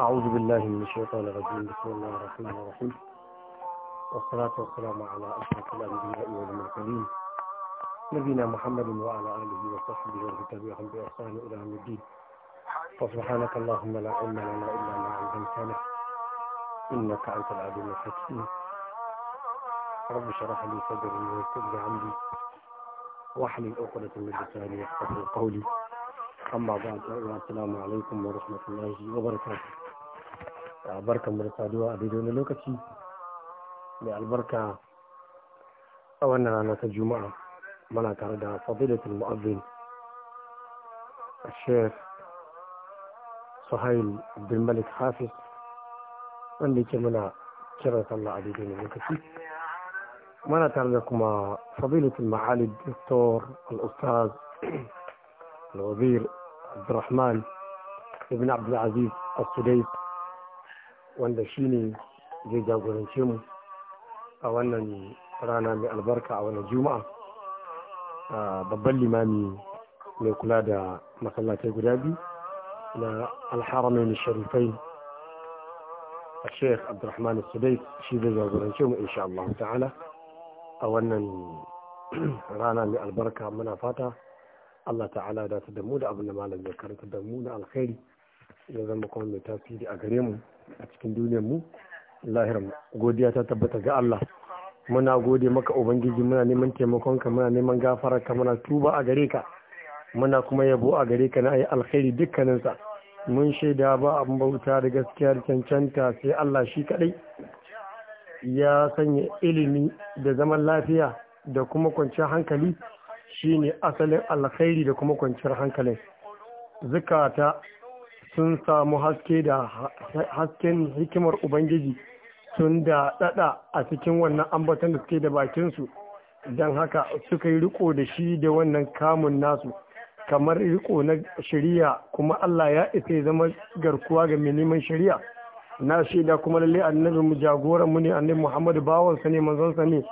أعوذ بالله من الشيطان الرجيم بسم الله الرحمن الرحيم والصلاة والسلام على أشرف الأنبياء والمرسلين نبينا محمد وعلى آله وصحبه ومن تبعهم بإحسان إلى يوم الدين فسبحانك اللهم لا علم لنا إلا ما علمتنا إنك أنت العليم الحكيم رب اشرح لي صدري ويسر لي عمري واحلل عقدة من لساني يفقهوا قولي أما بعد السلام عليكم ورحمة الله وبركاته albarka mu da saduwa a daidai wani lokaci mai albarka a wannan rana ta juma'a mana tare da fadilatul mu'azzin a shef suhail abdul malik hafiz wanda yake muna kira sallah a daidai wani lokaci mana tare da kuma fadilatul ma'alid doktor al'ustaz ustaz abdurrahman ibn abdulaziz al-sudais wanda shi ne zai jagorance mu a wannan rana mai albarka a wannan juma'a babban limami mai kula da masallatai guda biyu na alharamain sharifai a sheikh abdurrahman sudai shi zai jagorance mu insha Allah ta'ala a wannan rana mai albarka muna fata Allah ta'ala da ta damu da abin da malam zai karanta da mu na alkhairi ya zama kuma mai tasiri a gare mu a cikin duniyar mu lahiran godiya ta tabbata ga Allah muna gode maka ubangiji muna neman taimakon ka muna neman gafara ka muna tuba a gare ka muna kuma yabo a gare ka na ayi alkhairi dukkaninsa mun shaida ba abin bauta da gaskiya da cancanta sai Allah shi kadai ya sanya ilimi da zaman lafiya da kuma kwanciyar hankali shine asalin alkhairi da kuma kwanciyar hankalin zukata sun samu haske da hasken hikimar ubangiji sun da dada a cikin wannan ambaton da suke da bakinsu don haka suka yi riko da shi da wannan kamun nasu kamar riko na shari'a kuma Allah ya isa zama garkuwa ga mai neman shari'a na shaida kuma lalle annabi mu jagoran mu ne annabi Muhammadu bawan sa ne manzon sa ne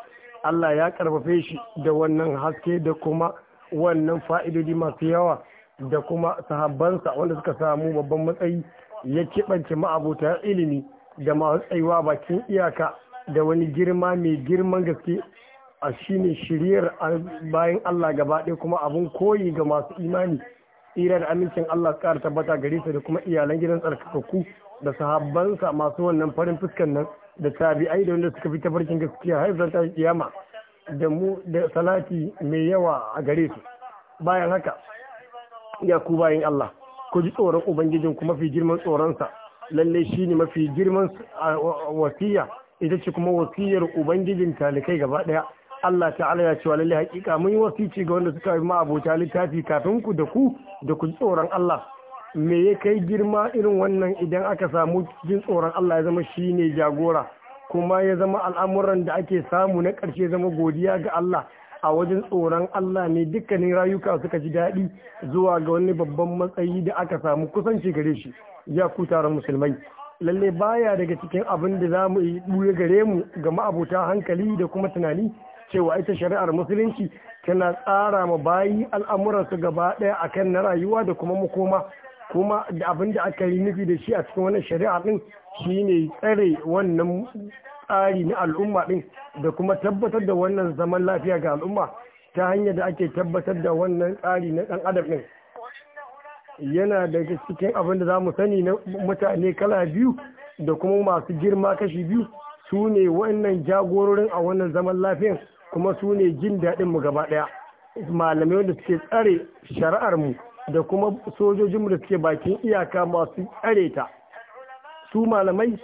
Allah ya karfafe shi da wannan haske da kuma wannan fa'idodi masu yawa da kuma sahabbansa wanda suka samu babban matsayi ya kibance ma'abuta ilimi da masu bakin iyaka da wani girma mai girman gaske a ne shiriyar bayan Allah gaba ɗaya kuma abun koyi ga masu imani tsira da amincin Allah ƙara tabbata gare su da kuma iyalan gidan tsarkakakku da sahabbansa masu wannan farin fuskan nan da tabi'ai da wanda suka fi tafarkin gaskiya har zanta kiyama da mu da salati mai yawa a gare su bayan haka ya ku bayin Allah ku ji tsoron ubangijin ku mafi girman tsoronsa lalle ne mafi girman wasiya ita ce kuma wasiyar ubangijin talikai gaba daya Allah ta'ala ya cewa lalle hakika mun yi wasici ga wanda suka yi ma abota littafi kafin ku da ku da ku ji tsoron Allah me ya kai girma irin wannan idan aka samu jin tsoron Allah ya zama shi ne jagora kuma ya zama al'amuran da ake samu na ƙarshe zama godiya ga Allah a wajen tsoron Allah ne dukkanin rayuka suka ji daɗi zuwa ga wani babban matsayi da aka samu kusanci gare shi ya ku taron musulmai lalle baya daga cikin abin da za yi gare mu ga ma'abuta hankali da kuma tunani cewa ita shari'ar musulunci tana tsara ma bayi al'amuransu gaba ɗaya akan na rayuwa da kuma makoma kuma da abin da aka yi nufi da shi a cikin wannan shari'a ɗin shine tsare wannan tsari na al'umma ɗin da kuma tabbatar da wannan zaman lafiya ga al'umma ta hanyar da ake tabbatar da wannan tsari na ɗan adam ɗin yana daga cikin abin da za mu sani na mutane kala biyu da kuma masu girma kashi biyu su ne wannan jagororin a wannan zaman lafiyan kuma su ne jin daɗin mu gaba ɗaya malamai wanda suke tsare shari'ar mu da kuma sojojinmu da suke bakin iyaka masu tsare ta su malamai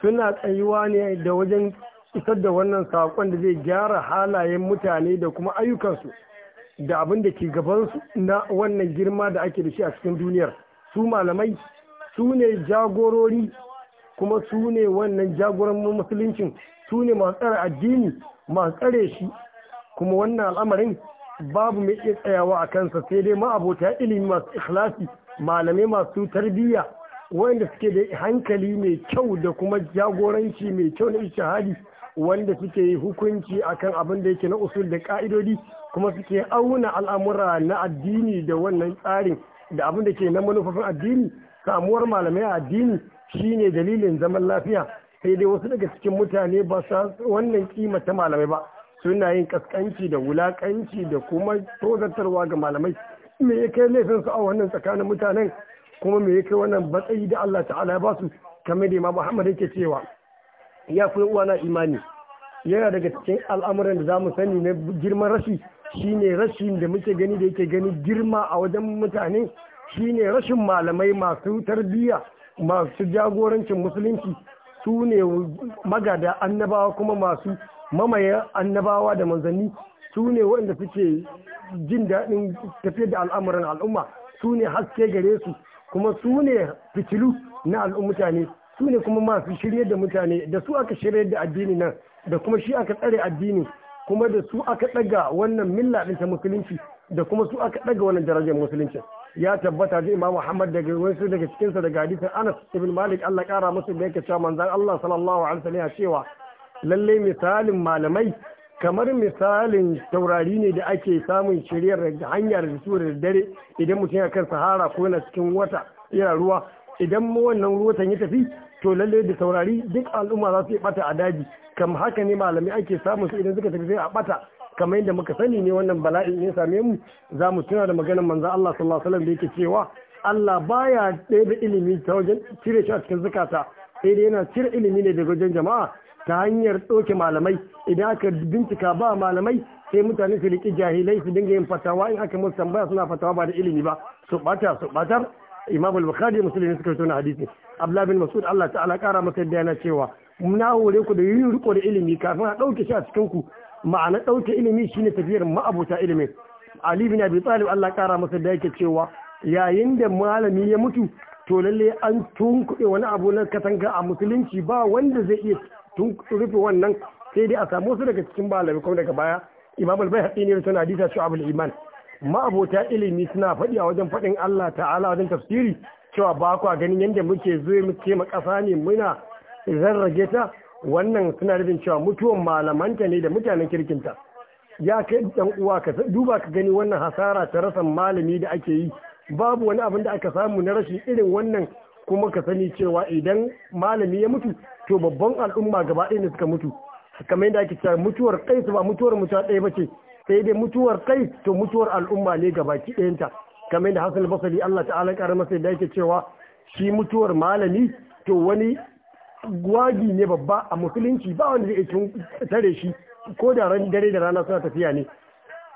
suna tsayuwa ne da wajen isar da wannan saƙon da zai gyara halayen mutane da kuma ayyukansu da abin da ke gabansu na wannan girma da ake da shi a cikin duniyar su malamai su ne jagorori kuma su ne wannan jagoran musuluncin su ne masu tsare addini masu tsare shi kuma wannan al'amarin babu mai iya tsayawa a kansa sai dai ma'abota ilimi masu ikhlasi malamai masu tarbiyya wanda suke da hankali mai kyau da kuma jagoranci mai kyau na ishahadi wanda suke yi hukunci akan abin da yake na usul da ka'idodi kuma suke auna al'amura na addini da wannan tsarin da abin da ke na manufofin addini samuwar malamai a addini shine dalilin zaman lafiya sai dai wasu daga cikin mutane ba sa wannan kima ta malamai ba suna yin kaskanci da wulakanci da kuma tozartarwa ga malamai me ya kai laifin su a wannan tsakanin mutanen kuma me yake wannan batsayi da Allah ta'ala ya ba su kamar da Imam Muhammad yake cewa ya fi uwana imani yana daga cikin al'amuran da za mu sani na girman rashi shine rashin da muke gani da yake gani girma a wajen mutane shine rashin malamai masu tarbiyya masu jagorancin musulunci su ne magada annabawa kuma masu mamaya annabawa da manzanni su ne waɗanda suke jin daɗin tafiyar da al'amuran al'umma su ne haske gare su kuma su ne fitilu na al'ummutane mutane su ne kuma masu shirye da mutane da su aka shirye da addini nan da kuma shi aka tsare addini kuma da su aka ɗaga wannan milla din ta musulunci da kuma su aka ɗaga wannan darajar musulunci ya tabbata da imam Muhammad daga wasu daga cikinsa daga hadisin Anas ibn Malik Allah kara musu da yake cewa manzon Allah sallallahu alaihi wasallam ya cewa lallai misalin malamai kamar misalin taurari ne da ake samun shiryar hanya da su da dare idan mutum ya kan sahara ko na cikin wata yana ruwa idan wannan ta ya tafi to lalle da taurari duk al'umma za su yi bata a daji kam haka ne malamai ake samun su idan suka tafi sai a bata kamar yadda muka sani ne wannan bala'in ya same mu za mu tuna da maganar manzo Allah sallallahu alaihi wasallam da yake cewa Allah baya ɗaya da ilimi ta wajen cire shi a cikin zukata sai dai yana cire ilimi ne daga wajen jama'a ta hanyar ɗauke malamai idan aka bincika ba malamai sai mutane su riƙi jahilai su dinga yin fatawa in aka musu tambaya suna fatawa ba da ilimi ba su ɓata su ɓatar imam al-bukhari musulmi suka tona hadisi Abdullahi bin mas'ud Allah ta'ala ƙara masa yadda yana cewa na hore ku da yin riko da ilimi kafin a ɗauke shi a cikin ku ma'ana ɗauke ilimi shine tafiyar ma'abota ilimi. ali bin abi talib Allah ƙara masa da yake cewa yayin da malami ya mutu to lalle an tunkuɗe wani abu na katanga a musulunci ba wanda zai iya tun rufe wannan sai dai a samu wasu daga cikin malamai kuma daga baya imam al haɗi ne suna hadisa shi abul iman ma'abota ilimi suna faɗi a wajen faɗin Allah ta'ala wajen tafsiri cewa ba kwa ganin yadda muke zuwa muke ma ƙasa ne muna zarrage ta wannan suna rufin cewa mutuwan malamanta ne da mutanen kirkinta ya kai ɗan uwa ka duba ka gani wannan hasara ta rasan malami da ake yi babu wani abin da aka samu na rashin irin wannan kuma ka sani cewa idan malami ya mutu to babban al'umma gaba ɗaya ne suka mutu kamar yadda ake cewa mutuwar kai ba mutuwar mutuwa ɗaya ba ce sai dai mutuwar kai to mutuwar al'umma ne gaba ki ɗayanta kamar yadda Hassan basali Allah ta'ala ya masa sai cewa shi mutuwar malami to wani gwagi ne babba a musulunci ba wanda zai tare shi ko da ran dare da rana suna tafiya ne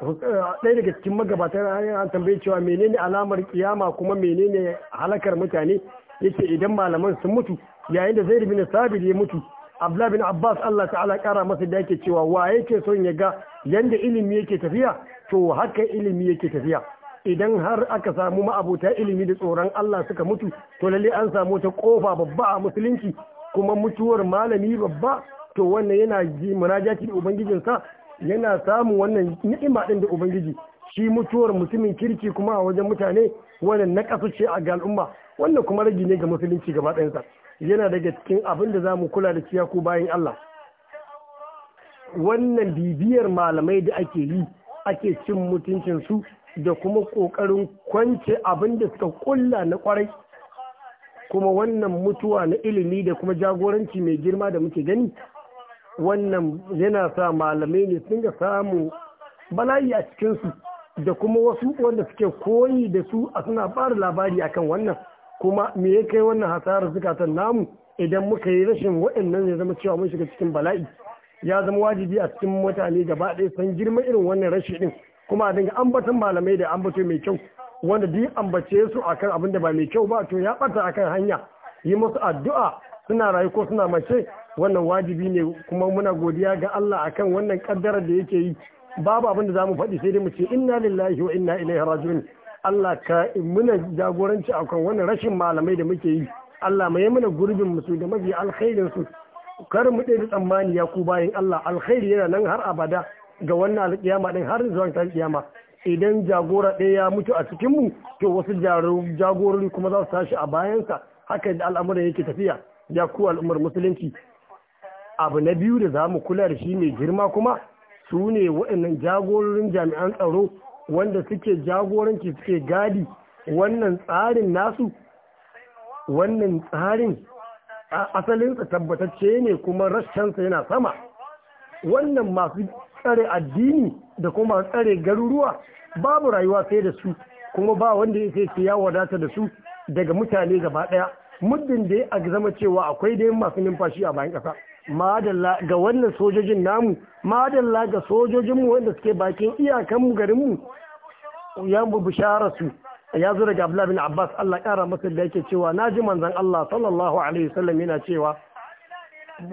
ɗaya daga cikin magabatan an tambaye cewa menene alamar kiyama kuma menene halakar mutane yace idan malaman sun mutu yayin da zaid bin sabit ya mutu abdullah bin abbas Allah ta'ala kara masa da yake cewa wa yake son ya ga yanda ilimi yake tafiya to haka ilimi yake tafiya idan har aka samu ma'abuta ilimi da tsoron Allah suka mutu to lalle an samu ta kofa babba a musulunci kuma mutuwar malami babba to wannan yana ji munajati da ubangijinsa yana samun wannan ni'ima din da ubangiji shi mutuwar mutumin kirki kuma a wajen mutane wannan na ce a ga al'umma wannan kuma rage ne ga musulunci gaba sa yana daga cikin abin da za mu kula da ciyaku bayan Allah wannan bibiyar malamai da ake yi ake cin mutuncinsu da kuma ƙoƙarin kwance abin da suka kulla na ƙwarai kuma wannan mutuwa na ilimi da kuma jagoranci mai girma da muke gani wannan yana sa malamai ne sun ga samu bala'i a cikinsu da kuma wasu wanda suke koyi da su a suna fara labari akan wannan kuma me ya kai wannan hasarar zukatan namu idan muka yi rashin waɗannan ya zama cewa mun shiga cikin bala'i ya zama wajibi a cikin mutane gaba ɗaya san girma irin wannan rashi din kuma a dinga ambatan malamai da ambato mai kyau wanda duk ambace su akan abin da ba mai kyau ba to ya ɓata akan hanya yi musu addu'a suna rayu ko suna mace wannan wajibi ne kuma muna godiya ga Allah akan wannan kaddara da yake yi babu abin da zamu faɗi sai dai mu ce inna lillahi wa inna ilaihi raji'un Allah ka muna jagoranci akan wannan rashin malamai da muke yi Allah mai mana gurbin musu da mafi alkhairin su kar mu ɗaya tsammani ya ku bayan Allah alkhairi yana nan har abada ga wannan alƙiyama din har zuwa ta alƙiyama idan jagora ɗaya ya mutu a cikin mu to wasu jagorori kuma za su tashi a bayansa haka da al'amuran yake tafiya ya ku al'ummar musulunci abu na biyu da za mu kula da shi mai girma kuma su ne waɗannan jagororin jami'an tsaro wanda suke jagoranci suke gadi wannan tsarin nasu wannan tsarin asalinsa tabbatacce ne kuma rashansa yana sama wannan masu tsare addini da kuma tsare garuruwa babu rayuwa sai da su kuma ba wanda ya ce ya wadata da su daga mutane gaba daya muddin da ya zama cewa akwai dai masu numfashi a bayan kasa madalla ga wannan sojojin namu madalla ga sojojinmu wanda suke bakin iyakanmu garinmu ya mu bishara su ya zo daga Abdullah bin Abbas Allah kara masa da yake cewa naji manzon Allah sallallahu alaihi wasallam yana cewa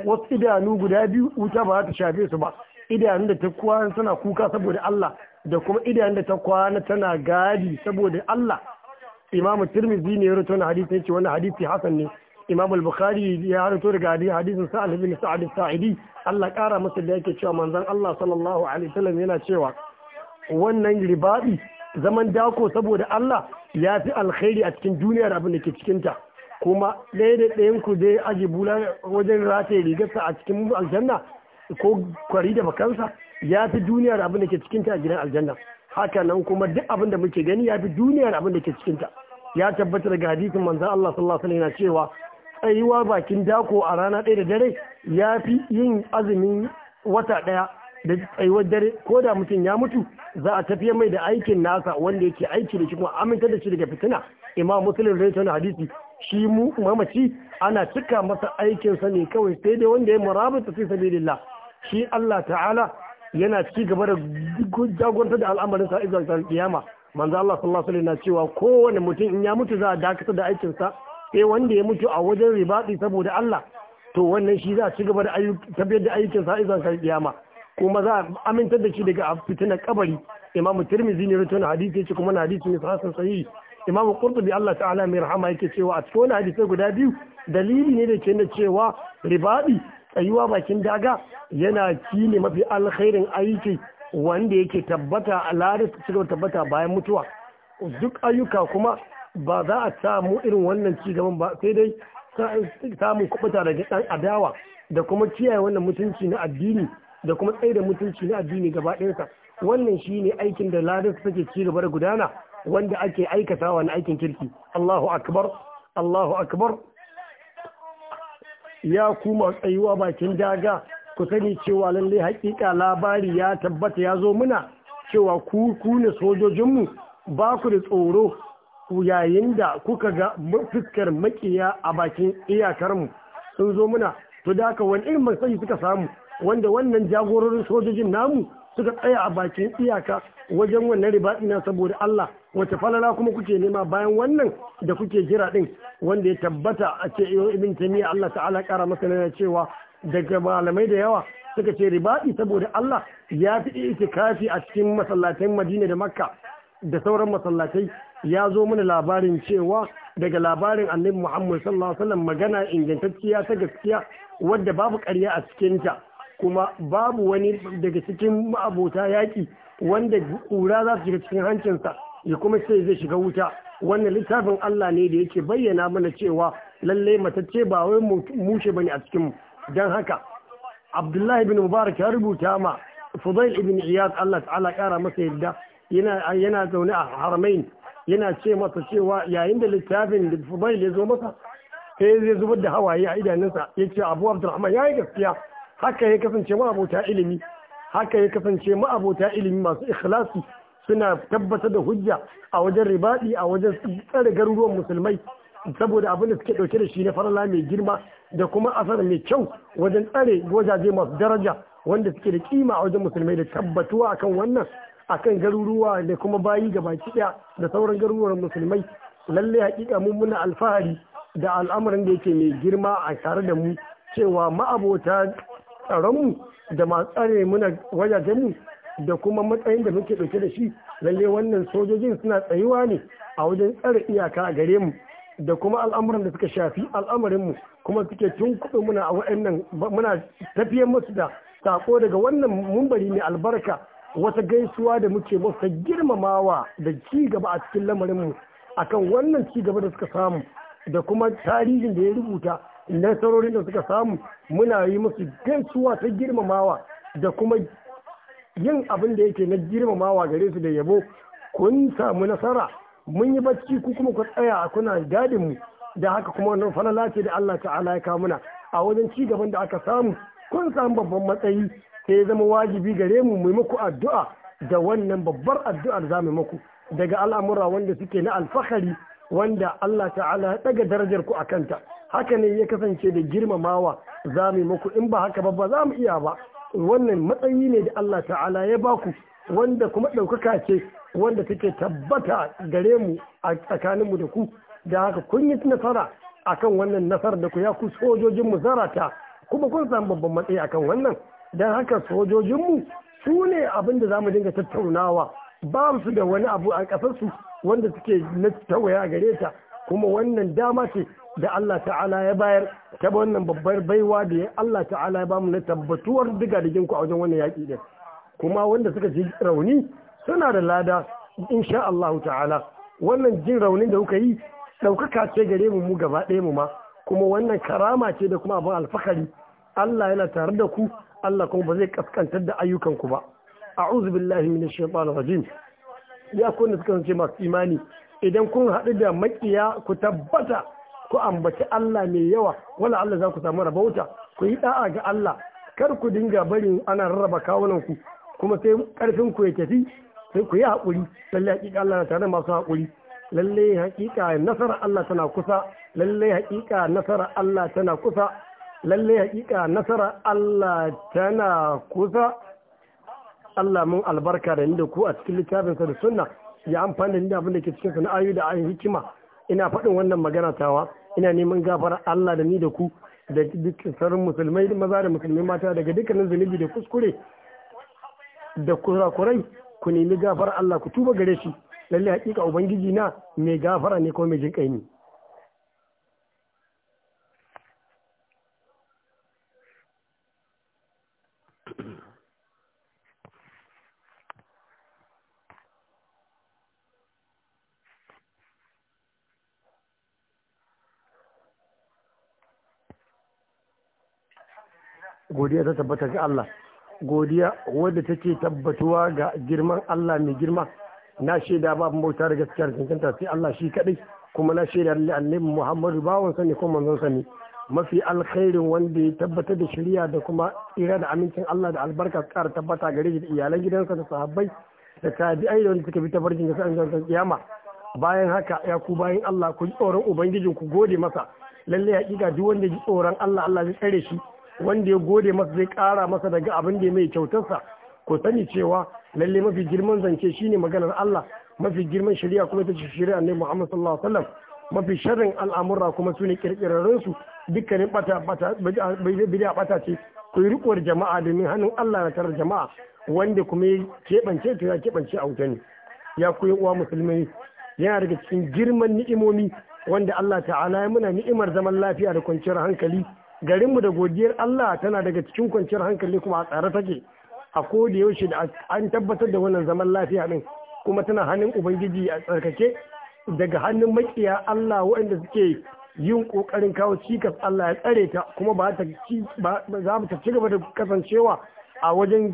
wasu idanu guda biyu wuta ba ta shafe su ba idanu da ta kwana tana kuka saboda Allah da kuma idanu da ta kwana tana gadi saboda Allah Imam Tirmidhi ne ya rawaito wannan hadisi yace wannan hadisi hasan ne Imam Al-Bukhari ya rawaito daga hadisin Sa'ad bin Sa'ad Sa'idi Allah kara masa da yake cewa manzon Allah sallallahu alaihi wasallam yana cewa wannan ribabi zaman dako saboda Allah ya fi alkhairi a cikin duniyar abin da ke cikinta kuma ɗaya da ɗayan ku zai aji bula wajen rataye rigarsa a cikin aljanna ko kwari da bakansa ya fi duniyar abin da ke cikinta a gidan aljanna haka nan kuma duk abin da muke gani ya fi duniyar abin da ke cikinta ya tabbatar ga hadisin manzon Allah sallallahu alaihi wasallam cewa tsayuwa bakin dako a rana ɗaya da dare ya fi yin azumin wata ɗaya da tsaiwar dare ko da mutum ya mutu za a tafiya mai da aikin nasa wanda yake aiki da shi kuma amintar da shi daga fitina imam muslim rai hadisi shi mu mamaci ana cika masa aikin sa ne kawai sai dai wanda ya murabata fi sabilillah shi Allah ta'ala yana ci gaba da jagorantar da al'amarin sa izuwa kiyama manzo Allah sallallahu alaihi cewa kowane mutum in ya mutu za a dakatar da aikin sa sai wanda ya mutu a wajen ribadi saboda Allah to wannan shi za a ci gaba da ayyukan da aikin sa izuwa kiyama kuma za a amintar da shi daga fitinar kabari imamu tirmizi ne rutun hadisi ce kuma na hadisi ne hasan sahihi imamu qurtubi Allah ta'ala mai rahama yake cewa a cikin hadisi guda biyu dalili ne da ke na cewa ribaɗi tsayuwa bakin daga yana ci ne mafi alkhairin aiki wanda yake tabbata a ci cikin tabbata bayan mutuwa duk ayyuka kuma ba za a samu irin wannan ci gaban ba sai dai samun kubuta daga dan adawa da kuma kiyaye wannan mutunci na addini da kuma tsaye da mutunci na addini gaba ɗayansa wannan ne aikin da ladar take ci gaba da gudana wanda ake aikatawa na aikin kirki Allahu akbar Allahu akbar ya kuma tsayuwa bakin daga ku sani cewa lallai hakika labari ya tabbata ya zo muna cewa ku ku ne sojojinmu ba ku da tsoro yayin da kuka ga fuskar makiya a bakin iyakarmu sun zo muna to da ka wani irin suka samu wanda wannan jagororin sojojin namu suka tsaya a bakin iyaka wajen wannan riba ina saboda Allah wace falala kuma kuke nema bayan wannan da kuke jira din wanda ya tabbata a ce ibn tamiya Allah ta'ala kara masa na cewa daga malamai da yawa suka ce riba'i saboda Allah ya fi itikafi a cikin masallatan Madina da Makka da sauran masallatai ya zo mana labarin cewa daga labarin annabi Muhammad sallallahu alaihi wasallam magana ingantacciya ta gaskiya wadda babu ƙarya a cikinta kuma babu wani daga cikin abota yaƙi wanda ƙura za su shiga cikin hancinsa ya kuma sai zai shiga wuta wannan littafin Allah ne da yake bayyana mana cewa lalle matacce ba wai mushe bane a cikin dan haka Abdullahi bin Mubarak ya rubuta ma Fudail ibn Iyad Allah ta'ala kara masa yadda yana yana zaune a Haramain yana ce masa cewa yayin da littafin da Fudail ya zo masa sai zai zubar da hawaye a idanunsa yace Abu Abdurrahman yayi gaskiya haka ya kasance ma'abota ilimi haka ya kasance ma'abota ilimi masu ikhlasi suna tabbatar da hujja a wajen ribadi a wajen tsare garuruwan musulmai saboda abin da suke dauke da shi na farala mai girma da kuma asar mai kyau wajen tsare gwajaje masu daraja wanda suke da kima a wajen musulmai da tabbatuwa akan wannan akan garuruwa da kuma bayi ga baki ɗaya da sauran garuruwan musulmai lalle hakika mun muna alfahari da al'amarin da yake mai girma a tare da mu cewa ma'abota tsaronmu da masu tsare muna wajajenmu da kuma matsayin da muke ɗauke da shi lalle wannan sojojin suna tsayuwa ne a wajen tsare iyaka a gare mu da kuma al'amuran da suka shafi al'amarinmu kuma suke tun kuɗi muna a wa'annan muna tafiyar musu da sako daga wannan mumbari mai albarka wata gaisuwa da muke musu ta girmamawa da ci gaba a cikin lamarinmu akan wannan ci gaba da suka samu da kuma tarihin da ya rubuta nasarorin da suka samu muna yi musu gaisuwa ta girmamawa da kuma yin abin da yake na girmamawa gare su da yabo kun samu nasara mun yi bacci ku kuma ku tsaya a kuna gadin mu da haka kuma wannan falala ce da Allah ta'ala ya kawo muna a wajen ci gaban da aka samu kun samu babban matsayi sai zama wajibi gare mu mu muku addu'a da wannan babbar addu'ar za mu muku daga al'amura wanda suke na alfahari wanda Allah ta'ala ya daga darajar ku a kanta haka ne ya kasance da girmamawa za mu muku in ba haka ba ba za mu iya ba wannan matsayi ne da Allah ta'ala ya baku wanda kuma ɗaukaka ce wanda take tabbata gare mu a tsakaninmu da ku da haka kun yi nasara akan wannan nasarar da ku ya ku sojojin mu zarata kuma kun samu babban matsayi akan wannan dan haka sojojinmu su ne abin da za mu dinga tattaunawa ba su da wani abu a ƙasarsu wanda suke na tawaya gare ta kuma wannan dama ce da Allah ta'ala ya bayar ta wannan babbar baiwa da ya Allah ta'ala ya bamu na tabbatuwar diga da ku a wajen wannan yaƙi din kuma wanda suka ji rauni suna da lada insha Allah ta'ala wannan jin raunin da kuka yi ɗaukaka ce gare mu mu gaba ɗaya mu ma kuma wannan karama ce da kuma abin alfakari Allah yana tare da ku Allah kuma ba zai kaskantar da ayyukan ku ba a'udhu billahi minash shaitanir rajim ya kun suka ce masu imani idan kun haɗu da maƙiya ku tabbata ku ambaci Allah mai yawa wala Allah za ku samu rabauta ku yi da'a ga Allah kar ku dinga barin ana rarraba kawunan ku kuma sai ƙarfin ku ya tafi sai ku yi haƙuri lalle hakika Allah na tare masu haƙuri lalle hakika nasara Allah tana kusa lalle hakika nasara Allah tana kusa lalle hakika nasara Allah tana kusa Allah mun albarka da ni da ku a cikin littafinsa da sunna ya amfani da ni da abin da ke cikin sa na da ayin hikima ina faɗin wannan magana tawa ina neman gafara Allah da ni da ku da dukkan sauran musulmai maza da musulmai mata daga dukkanin zunubi da kuskure da kurakurai ku nemi gafara Allah ku tuba gare shi lalle hakika ubangiji na mai gafara ne ko mai jinkai ne godiya ta tabbata ga Allah godiya wadda take tabbatuwa ga girman Allah mai girma na shaida babu bauta da gaskiya da cancanta sai Allah shi kadai kuma na shaida Allah annabi Muhammadu bawon sani kuma manzon sani mafi alkhairin wanda ya tabbatar da shari'a da kuma tsira da amincin Allah da albarka kara tabbata gare shi da iyalan gidansa da sahabbai da tabi'ai da wanda suka bi tabarjin ga san kiyama bayan haka ya ku bayan Allah ku tsoron ubangijin ku gode masa lalle hakika duk wanda ji tsoron Allah Allah zai tsare shi wanda ya gode masa zai kara masa daga abin da mai kyautarsa ku sani cewa lalle mafi girman zance shine maganar Allah mafi girman shari'a kuma ita ce shari'a ne Muhammad sallallahu alaihi wasallam mafi sharrin al'amura kuma sune ne kirkirarren su dukkanin bata bata bai bata ce ku yi rikuwar jama'a domin hannun Allah na tarar jama'a wanda kuma ya keɓance to ya keɓance a wuta ne ya koyi uwa musulmai yana daga cikin girman ni'imomi wanda Allah ta'ala ya muna ni'imar zaman lafiya da kwanciyar hankali garinmu da godiyar Allah tana daga cikin kwanciyar hankali kuma a tsare take a koda yaushe da an tabbatar da wannan zaman lafiya din kuma tana hannun ubangiji a tsarkake daga hannun makiya Allah waɗanda suke yin ƙoƙarin kawo cikas Allah ya tsare ta kuma ba ta za ta ci gaba da kasancewa a wajen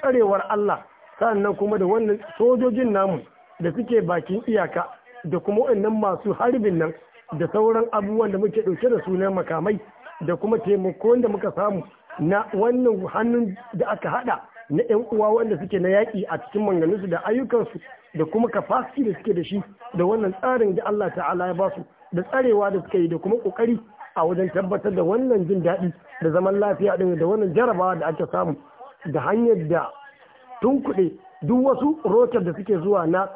tsarewar Allah sannan kuma da wannan sojojin namu da suke bakin iyaka da kuma waɗannan masu harbin nan da sauran abubuwan da muke ɗauke da sunan makamai da kuma taimakon da muka samu na wannan hannun da aka hada na 'yan uwa wanda suke na yaƙi a cikin manganinsu da ayyukansu da kuma kafasi da suke da shi da wannan tsarin da Allah ta'ala ya basu da tsarewa da suka yi da kuma ƙoƙari a wajen tabbatar da wannan jin daɗi da zaman lafiya ɗin da wannan jarabawa da aka samu da hanyar da tunkuɗe duk wasu rotar da suke zuwa na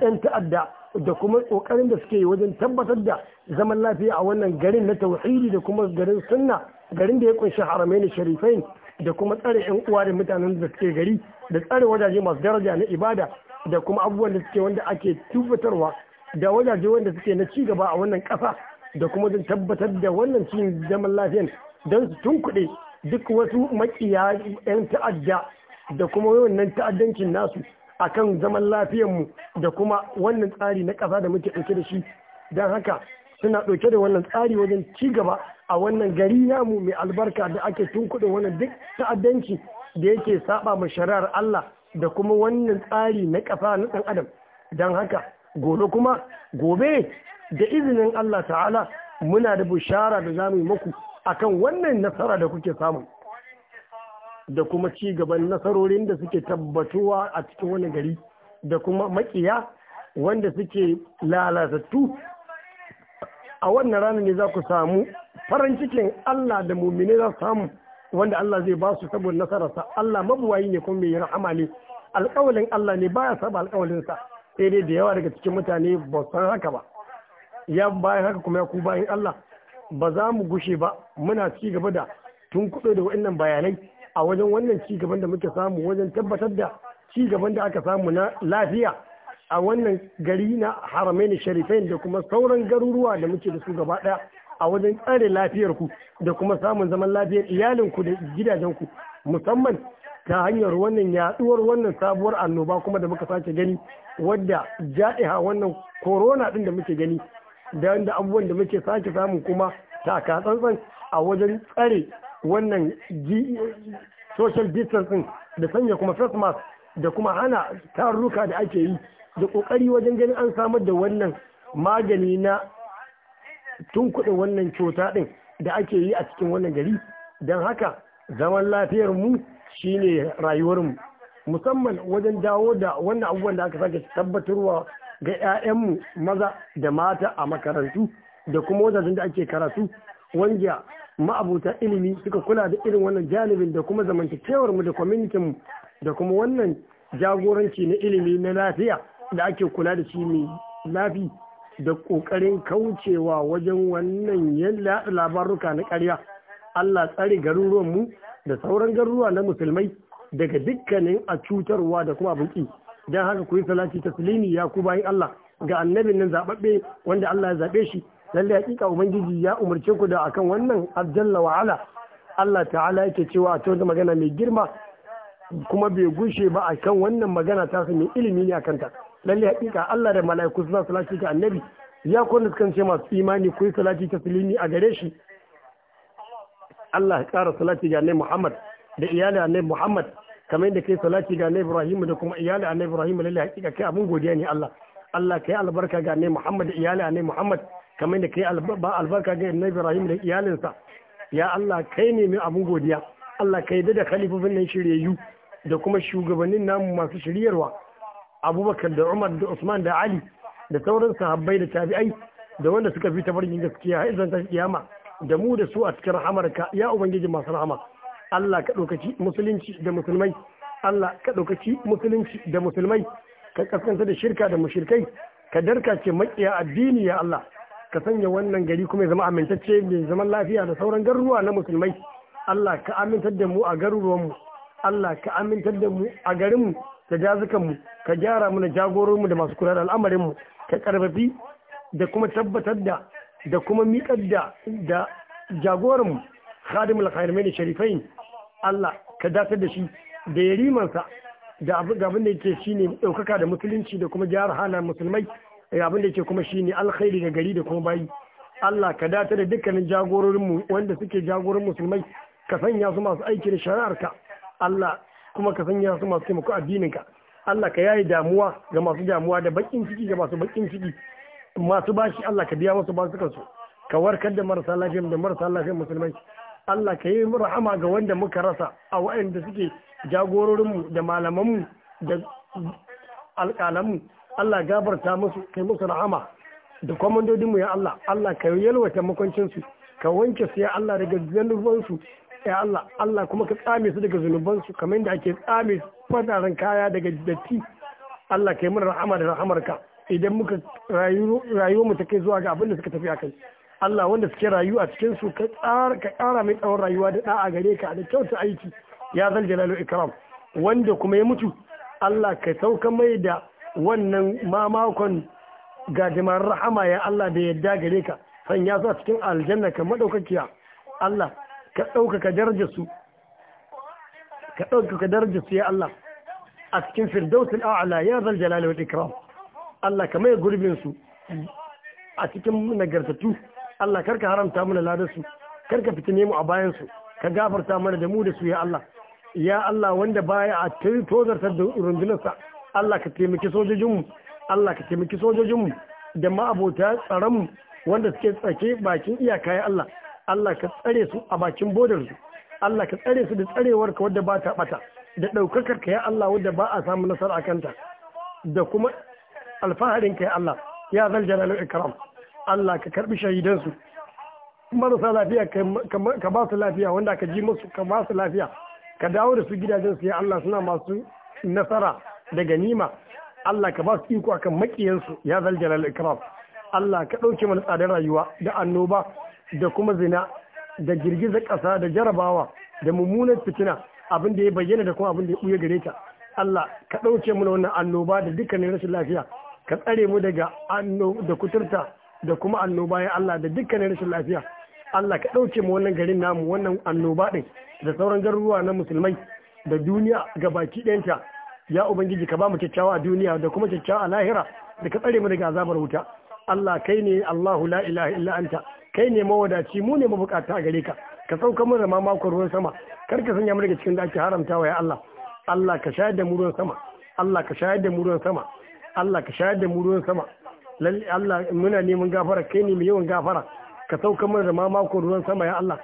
'yan ta'adda da kuma ƙoƙarin da suke yi wajen tabbatar da zaman lafiya a wannan garin na tauhidi da kuma garin sunna garin da ya kunshi haramai ne sharifai da kuma tsare yan uwa da mutanen da suke gari da tsare wajaje masu daraja na ibada da kuma abubuwan da suke wanda ake tabbatarwa da wajaje wanda suke na ci gaba a wannan ƙasa da kuma don tabbatar da wannan cin zaman lafiyan don su tunkuɗe duk wasu makiya yan ta'adda da kuma wannan ta'addancin nasu akan zaman lafiyanmu da kuma wannan tsari na kasa da muke ɗauke da shi don haka suna ɗauke da wannan tsari wajen ci gaba a wannan gari namu mai albarka da ake tunkuɗe wannan duk ta'addanci da yake saba ma shari'ar Allah da kuma wannan tsari na ƙasa na ɗan adam don haka gobe kuma gobe da izinin Allah ta'ala muna da bishara da za mu yi muku akan wannan nasara da kuke samu da kuma ci gaban nasarorin da suke tabbatuwa a cikin wani gari da kuma makiya wanda suke lalatattu a wannan ranar ne za ku samu farin cikin Allah da mummine za su samu wanda Allah zai ba su saboda nasararsa Allah mabuwayi ne kuma mai rahama ne alƙawalin Allah ne baya saba alƙawalinsa sai dai da yawa daga cikin mutane ba san haka ba ya bayan haka kuma ya ku bayan Allah ba za mu gushe ba muna ci gaba da tun kuɗi da waɗannan bayanai a wajen wannan ci gaban da muke samu wajen tabbatar da ci gaban da aka samu na lafiya a wannan gari na haramai na, sharifain da kuma sauran garuruwa da muke da su gaba ɗaya a wajen tsare lafiyarku da kuma samun zaman lafiyar iyalinku da gidajenku musamman ta hanyar wannan yaduwar wannan sabuwar annoba kuma da muka sake gani wadda ja'iha wannan korona din da muke gani da wanda abubuwan da muke sake samu kuma taka tsantsan a wajen tsare wannan social distancing da sanya kuma face mask da kuma hana taruka da ake yi da kokari wajen ganin an samar da wannan magani na tun wannan cuta ɗin da ake yi a cikin wannan gari don haka zaman lafiyar mu shine rayuwar mu musamman wajen dawo da wannan abubuwan da aka sake tabbatarwa ga 'ya'yanmu maza da mata a makarantu da kuma wajen da ake karatu wanda ma'abuta ilimi suka kula da irin wannan janibin da kuma zamantakewar mu da kwamitin mu da kuma wannan jagoranci na ilimi na lafiya da ake kula da shi mai lafi da ƙoƙarin kaucewa wajen wannan yalla labaruka na karya. Allah tsare garuruwanmu da sauran garuruwa na musulmai daga dukkanin a cutarwa da kuma buki don haka ku yi salati taslimi ya ku bayan Allah ga annabin nan zaɓaɓɓe wanda Allah ya zaɓe shi lalle hakika ubangiji ya umarce ku da akan wannan ajalla wa Allah ta'ala yake cewa a ta magana mai girma kuma bai gushe ba akan wannan magana ta mai ilimi ne akan ta lalle hakika Allah da mala'iku suna salati ga annabi ya kun da ce masu imani ku yi salati ta silimi a gare shi Allah ya kara salati ga annabi Muhammad da iyali annabi Muhammad kamar yadda kai salati ga annabi Ibrahim da kuma iyali annabi Ibrahim lalle hakika kai abun godiya ne Allah Allah kai albarka ga annabi Muhammad da iyali annabi Muhammad kamar yadda kai albarka ga annabi Ibrahim da iyalinsa ya Allah kai ne mai abun godiya Allah kai da khalifofin nan shiryayyu da kuma shugabannin namu masu shiryarwa abubakar da umar da usman da ali da sauran sahabbai da tabi'ai da wanda suka fi tabarin gaskiya a izan tashi kiyama da mu da su a cikin rahamarka ya ubangiji masu rahama Allah ka ɗaukaci musulunci da musulmai Allah ka ɗaukaci musulunci da musulmai ka kaskanta da shirka da mushirkai ka darka ce makiya addini ya Allah ka sanya wannan gari kuma ya zama amintacce mai zaman lafiya da sauran garuruwa na musulmai Allah ka amintar da mu a garuruwanmu Allah ka amintar da mu a garinmu da jazukanmu ka gyara mana jagororinmu da masu kula da al'amarinmu ka karfafi da kuma tabbatar da da kuma miƙar da da jagoranmu khadimul khairmain sharifain Allah ka datar da shi da yarimansa da abin da yake shine ɗaukaka da musulunci da kuma gyara halayen musulmai abin da yake kuma shine alkhairi ga gari da kuma bayi Allah ka datar da dukkanin jagororinmu wanda suke jagoran musulmai ka sanya su masu aiki da shari'arka Allah kuma ka sanya su masu taimako addininka Allah ka yayi damuwa ga masu damuwa da bakin ciki ga masu bakin ciki masu bashi Allah ka biya masu basu kansu ka warkar da marasa lafiyar da marasa lafiyar musulmai Allah ka yi rahama ga wanda muka rasa a waɗanda suke jagororinmu da malamanmu da alƙalanmu Allah gabarta musu kai musu rahama da kwamandodinmu ya Allah Allah ka yalwata makwancinsu ka wanke su ya Allah daga zanubansu ya Allah Allah kuma ka tsame su daga zunubansu kamar yadda ake tsame fararen kaya daga datti Allah kai mana rahama da rahamarka idan muka rayuwa mu ta kai zuwa ga abin da suka tafi a kai Allah wanda suke rayu a cikin su ka ƙara mai tsawon rayuwa da da'a gare ka da kyauta aiki ya zal jalalu ikram wanda kuma ya mutu Allah ka sauka mai da wannan mamakon gajimar rahama ya Allah da yadda gare ka sanya ya a cikin aljanna ka madaukakiya Allah ka ɗaukaka darajarsu ka ɗaukaka darajarsu ya Allah a cikin firdausul a'la ya zal jalali wa ikram Allah ka mai gurbin su a cikin nagartatu Allah karka haramta mana ladarsu karka fitine mu a bayan su ka gafarta mana da mu da su ya Allah ya Allah wanda baya a tozartar da rundunarsa Allah ka taimaki sojojinmu Allah ka taimaki sojojinmu da ma'abota tsaronmu wanda suke tsake bakin iyaka ya Allah Allah ka tsare su a bakin bodar su Allah ka tsare su da tsarewar ka wadda ba ta bata da daukakar ka ya Allah wadda ba a samu nasara a kanta da kuma alfaharin ka ya Allah ya zal jalalul ikram Allah ka karbi shahidan su marasa lafiya ka ba su lafiya wanda ka ji musu ka ba su lafiya ka dawo da su gidajen su ya Allah suna masu nasara da ganima Allah ka ba su iko akan makiyansu ya zal jalalul ikram Allah ka ɗauke mana tsadar rayuwa da annoba da kuma zina da girgizar ƙasa da jarabawa da mummunar fitina abin da ya bayyana da kuma abin da ya ɓuya gare ta Allah ka ɗauke mu wannan annoba da dukkanin rashin lafiya ka tsare mu daga da kuturta da kuma annoba ya Allah da dukkanin rashin lafiya Allah ka ɗauke mu wannan garin namu wannan annoba ɗin da sauran garuruwa na musulmai da duniya ga baki ɗayanta ya ubangiji ka ba mu kyakkyawa a duniya da kuma kyakkyawa a lahira da ka tsare mu daga azabar wuta Allah kai ne Allahu la ilaha illa anta kai ne mawadaci mu ne mabukata a gare ka ka sauka mana zama mako ruwan sama kar ka sanya mu daga cikin haramta wa haramtawa ya Allah Allah ka shayar da mu ruwan sama Allah ka shayar da mu ruwan sama Allah ka shayar da mu ruwan sama lalle Allah muna neman gafara kai ne mai yawan gafara ka sauka mana zama makon mako ruwan sama ya Allah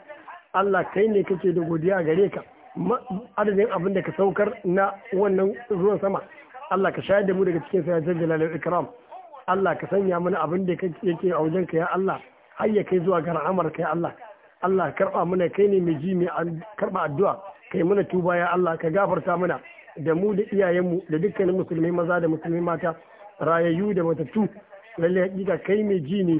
Allah kai ne kake da godiya gare ka adadin abin da ka saukar na wannan ruwan sama Allah ka shayar da mu daga cikin sa ya jalla ikram Allah ka sanya mana abin da yake a wajenka ya Allah حيا كي زوا كر عمر كي الله الله كرقة منا كيني مجيمي عن كرقة الدعاء كي منا توبا يا الله كجافر تامنا دمو يا يمو لدك المسلمين مزاد المسلمين ماتا رأي يود ما تتو للي يجا كي مجيني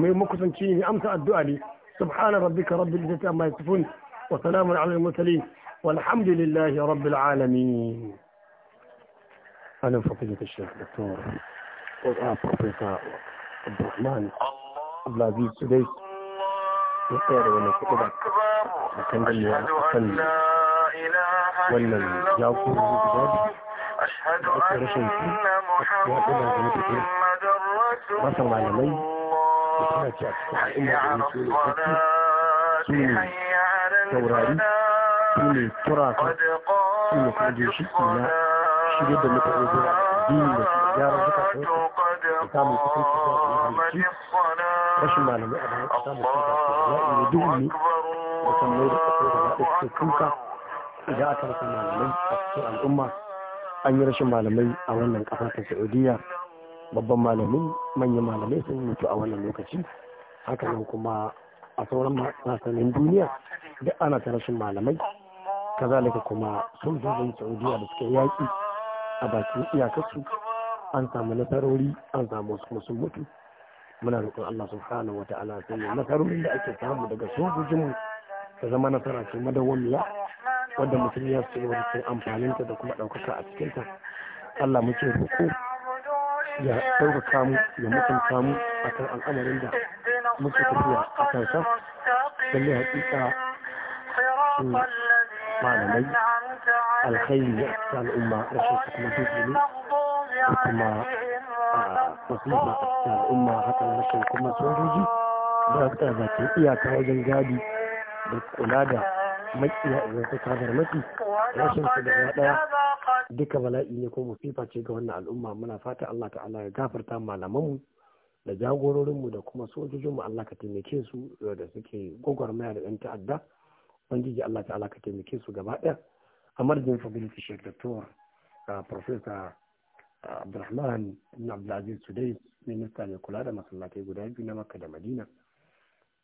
مي مكسن تيني أمس الدعاء لي سبحان ربك رب العزة ما يصفون وسلام على المرسلين والحمد لله رب العالمين أنا فضيلة الشيخ دكتور وأنا عبد الرحمن الله Abdulaziz Sudais ya tsaya da wannan kuɗi ba a kan ganewa a kan wannan jagorori guda biyu da ke rashin su ya ɗaya da mutu ke masa malamai da suna ce a cikin al'umma da ya ce su ne saurari su ne turaka su ne kuma shi na shigar da mutane zuwa addini da gyara zuka kai da samun kusanci zuwa ga mahalicci rashin malamai a bayan ƙasa da ke bala'i ne duhun ne da kan da ƙasar da ba ɗaya kuka idan aka rasa malamai a cikin al'umma an yi rashin malamai a wannan kasa ta saudiya babban malami manyan malamai sun mutu a wannan lokaci hakanan kuma a sauran masanin duniya duk ana ta rashin malamai kazalika kuma sojojin saudiya da suke yaƙi a bakin iyakarsu an samu nasarori an samu wasu mutu muna roƙon Allah subhanahu wa ta'ala sai nasarorin da ake samu daga sojojinmu ta zama nasara ce madawwamiya wadda mutum ya su wani sai da kuma ɗaukaka a cikin ta Allah muke roƙo ya ɗauka mu ya mutunta mu a kan al'amarin da muke tafiya a kansa lallai hakika malamai alkhairi ya ta al'umma rashin su kuma dukkanin kuma musiba a al'umma hakan rashin kuma sojoji ba su tsaya bakin iyaka wajen gadi da kula da makiya idan su kadar maki rashin su da daya duka bala'i ne ko musifa ce ga wannan al'umma muna fata Allah ta'ala ya gafarta malamanmu da jagororinmu da kuma sojojinmu Allah ka taimake su da suke gwagwarmaya da ɗan ta'adda ubangiji Allah ta'ala ka taimake su gaba ɗaya a madadin fabiliti a professor abdulrahman ibn abdulaziz sudais minista mai kula da masallatai guda biyu na makka da madina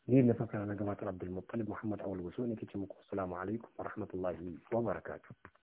ni na fasara na gabatar abdulmuttalib muhammad awal wasu ne ke ce muku assalamu alaikum wa rahmatullahi wa barakatuh